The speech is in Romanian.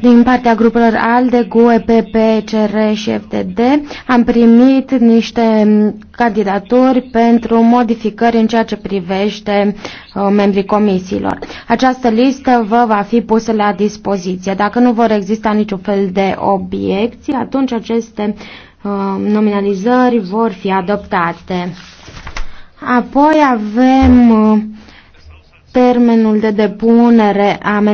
Din partea grupelor ALDE, GUE, PP, CR și FTD am primit niște candidaturi pentru modificări în ceea ce privește uh, membrii comisiilor. Această listă vă va fi pusă la dispoziție. Dacă nu vor exista niciun fel de obiecții, atunci aceste uh, nominalizări vor fi adoptate. Apoi avem uh, termenul de depunere a